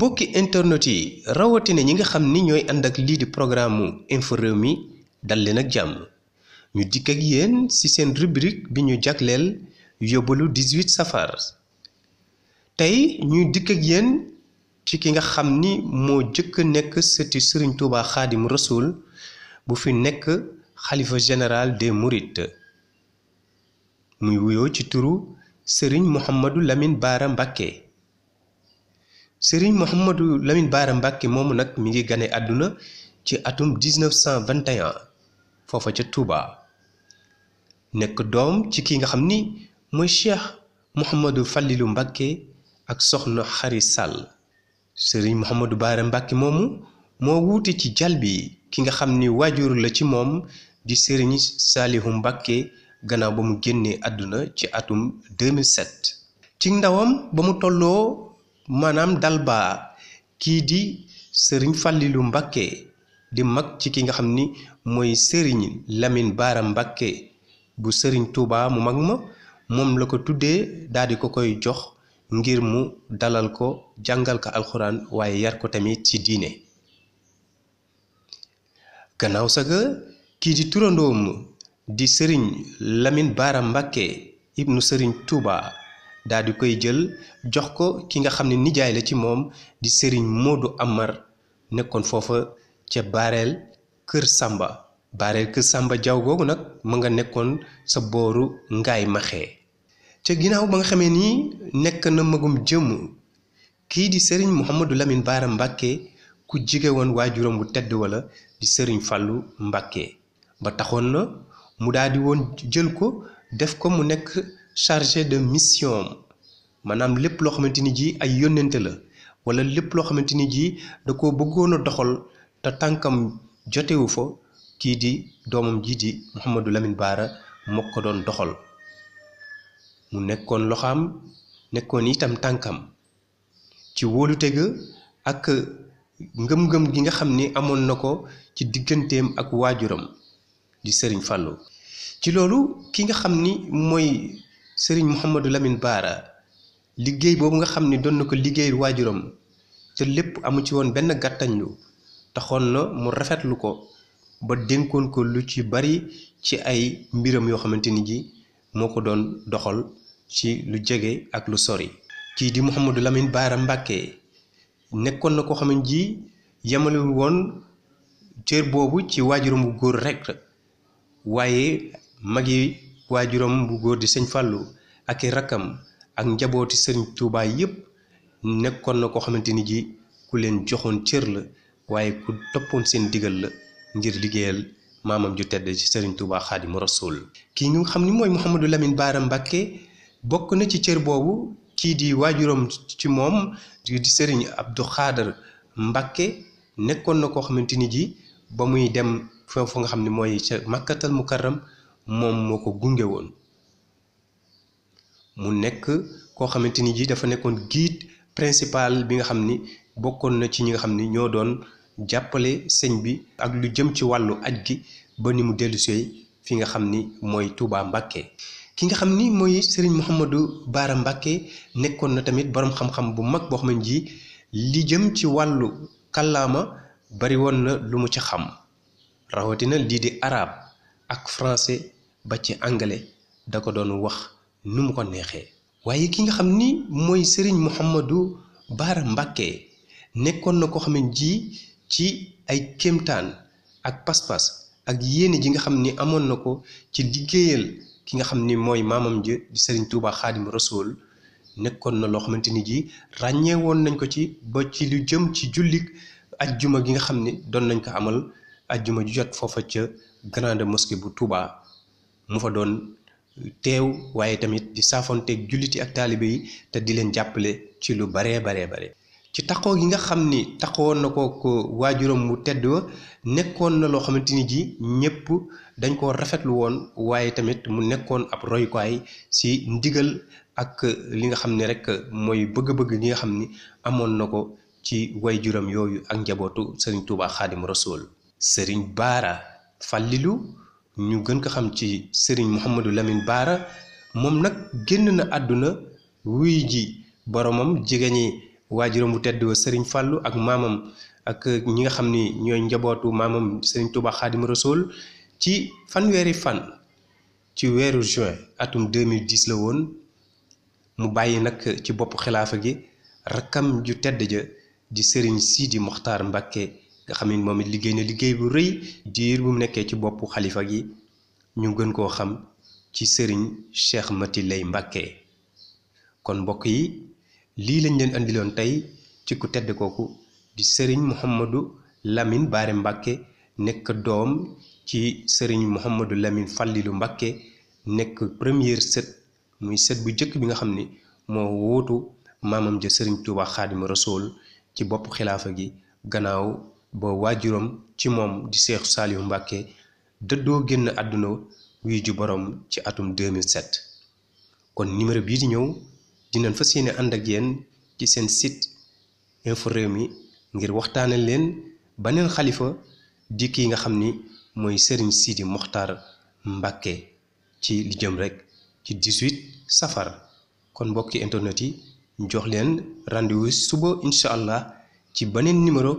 mbokki internet yi rawatina ñi nga xam ni ñooy ànd ak lii di programme info réew mi dal leen ak jàmm ñu dikk ak yéen ci seen rubrique bi ñu jagleel yóbbalu 18 safar tey ñuy dikk ak yéen ci ki nga xam ni moo jëkk nekk sëti Serigne Touba Xaadim Rasoul bu fi nekk xalifa général des Mourides muy wuyoo ci turu Serigne Mouhamadou Lamine Bara Mbacké sëriñ Mouhamadou Lamine Baara Mbacke moomu nag mi ngi gane àdduna ci atum 1921 foofa ca Touba nekk doom ci ki nga xam ni mooy Cheikh Mouhamadou Fallilou Mbacke ak soxna Xari Sall sëriñ Mouhamadou Baara Mbacke moomu moo wuute ci jal bi ki nga xam ni waajur la ci moom di sëriñ Saalihu Mbacke gannaaw ba mu génnee àdduna ci atum 2007 ci ndawam ba mu tolloo. maanaam dalba kii di sëriñ fàllilu mbakke di mag ci ki nga xam ni mooy sëriñ lamin baara mbakke bu sëriñ tuuba mu mag ma moom la ko tuddee daal di ko koy jox ngir mu dalal ko jàngal ko alxuraan waaye yar ko tamit ci diine gannaaw saga kii di turandoom di sëriñ lamin baara mbakke ibnu sëriñ tuuba daal di koy jël jox ko ki nga xam ne nijaay la ci moom di sëriñ du Amar nekkoon foofa ca bareel Kër sàmba Baareel Kër sàmba Jaw googu nag mu nga nekkoon sa booru ngay Maxee ca ginnaaw ba nga xamee nii nekk na magum jëm kii di sëriñ Mouhamadou lamin Baara Mbàkke ku jige woon waajuram bu tedd wala di sëriñ Fàllu Mbàkke ba taxoon na mu daal di woon jël ko def ko mu nekk chargé de mission am maanaam lépp loo xamante ni ji ay yónnente la wala lépp loo xamante ni ji da ko bëggoon a doxal te tànkam jotewu fa kii di doomam ji di Mouhamadou Lamine Bara moo ko doon doxal mu nekkoon loxaam nekkoon itam tànkam ci wolute ga ak ngëm-ngëm gi nga xam ni amoon na ko ci digganteem ak waajuram di sëriñ Fallou ci loolu ki nga xam ni mooy sëriñ Mouhamadou lamin Baara liggéey boobu nga xam ni doon na ko liggéey waajuram te lépp amu ci woon benn gàttañlu taxoon na mu rafetlu ko ba dénkoon ko lu ci bari ci ay mbiram yoo xamante ni ji moo ko doon doxal ci lu jege ak lu sori kii di Mouhamadou lamin Baara Mbàkke nekkoon na koo xam ne ji yemalewul woon cër boobu ci waajuram wu góor rekk waaye mag yi waajuram bu góor di sëñ Fallou ak i rakkam ak njabooti sëriñ Touba yépp nekkoon na koo xamante ni ji ku leen joxoon cër la waaye ku toppoon seen digal la ngir liggéeyal maamam ju tedd ci sëriñ Touba Xaadimu Rasuul kii nga xam ni mooy Mouhamadou Lamine Baara Mbacke bokk na ci cër boobu kii di waajuram ci moom di sëriñ Abdou Khader Mbacke nekkoon na koo xamante ni ji ba muy dem foofu nga xam ni mooy ca Makkatal Mukarram moom moo ko gunge woon mu nekk koo xamante ni ji dafa nekkoon guide principal bi nga xam ni bokkoon na ci ñi nga xam ni ñoo doon jàppale sëñ bi ak lu jëm ci wàllu aj gi ba ni mu dellusee fi nga xam ni mooy Touba Mbacke. ki nga xam ni mooy Serigne Mouhamadou Baara Mbacke nekkoon na tamit boroom xam-xam bu mag boo xam ne ji li jëm ci wàllu kàllaama bari woon na lu mu ci xam rawatina lii di arab ak français ba ci anglais da ko doon wax nu mu ko neexee waaye ki nga xam ni mooy sëriñ Mouhamadou Baara mbakke nekkoon na koo xam ji ci ay kéemtaan ak pas-pas ak yéene ji nga xam ni amoon na ko ci liggéeyal ki nga xam ni mooy maamam ji di Serigne Touba Rasool nekkoon na loo xamante ni ji ràññee woon nañ ko ci ba ci lu jëm ci jullik ajjuma gi nga xam ni doon nañ ko amal ajjuma ju jot foofa ca grande mosquée bu Touba. mu fa doon teew waaye tamit di saafonteeg julliti ak taalibe yi te di leen jàppale ci lu baree baree bare ci taxoo gi nga xam ni taxawoon na ko ko waajuram wu tedd wa nekkoon na loo xamante ni ji ñëpp dañ koo rafetlu woon waaye tamit mu nekkoon ab royukaay si ndigal ak li nga xam ne rek mooy bëgg-bëgg gi nga xam ni amoon na ko ci waajuram yooyu ak njabootu Serigne Touba Xaadim Rasoul Serigne Baara Fàllilu ñu gën ko xam ci Serigne Mouhamadou Lamine Baara moom nag génn na àdduna wuy ji boromam jigéen waajuram bu tedd sëriñ Fallou ak maamam ak ñi nga xam ni ñooy njabootu maamam Serigne Touba Khadim Rasoul ci fanweeri fan ci weeru juin atum 2010 la woon mu bàyyi nag ci bopp xilaafa gi rakkam ju tedd ja di Serigne Sidi Mokhtar Mbacké nga xam moom it liggéey na liggéey bu rëy diir bu mu nekkee ci boppu xalifa gi ñu gën koo xam ci sëriñ Cheikh Mati Lay Mbàkke kon mbokk yi lii lañ leen indiloon tey ci ku tedd kooku di sëriñ Mouhamadou Lamine Baare Mbàkke nekk doom ci sëriñ Mouhamadou Lamine Fallilu Mbàkke nekk première sët muy sët bu jëkk bi nga xam ni moo wóotu maamam ja sëriñ Touba Xaadimu Rasuul ci bopp xilaafa gi gannaaw ba waajuram ci moom di Cheikh Saliou Mbacké dëddoo génn àdduna wuyu ju borom ci atum 2007 kon numéro bii di ñëw dinañ fas yéene ànd ak yéen ci seen site info Rewmi ngir waxtaanal leen baneen xalifa dikk yi nga xam ni mooy Serigne Sidi Mokhtar Mbacké ci li jëm rek ci 18 safar kon mbokki internet yi jox leen rendez-vous suba incha allah ci beneen numéro.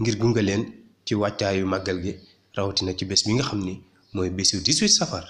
ngir gunge leen ci wàccaayu màggal gi rawatina ci bés bi nga xam ni mooy bésu 18 safar.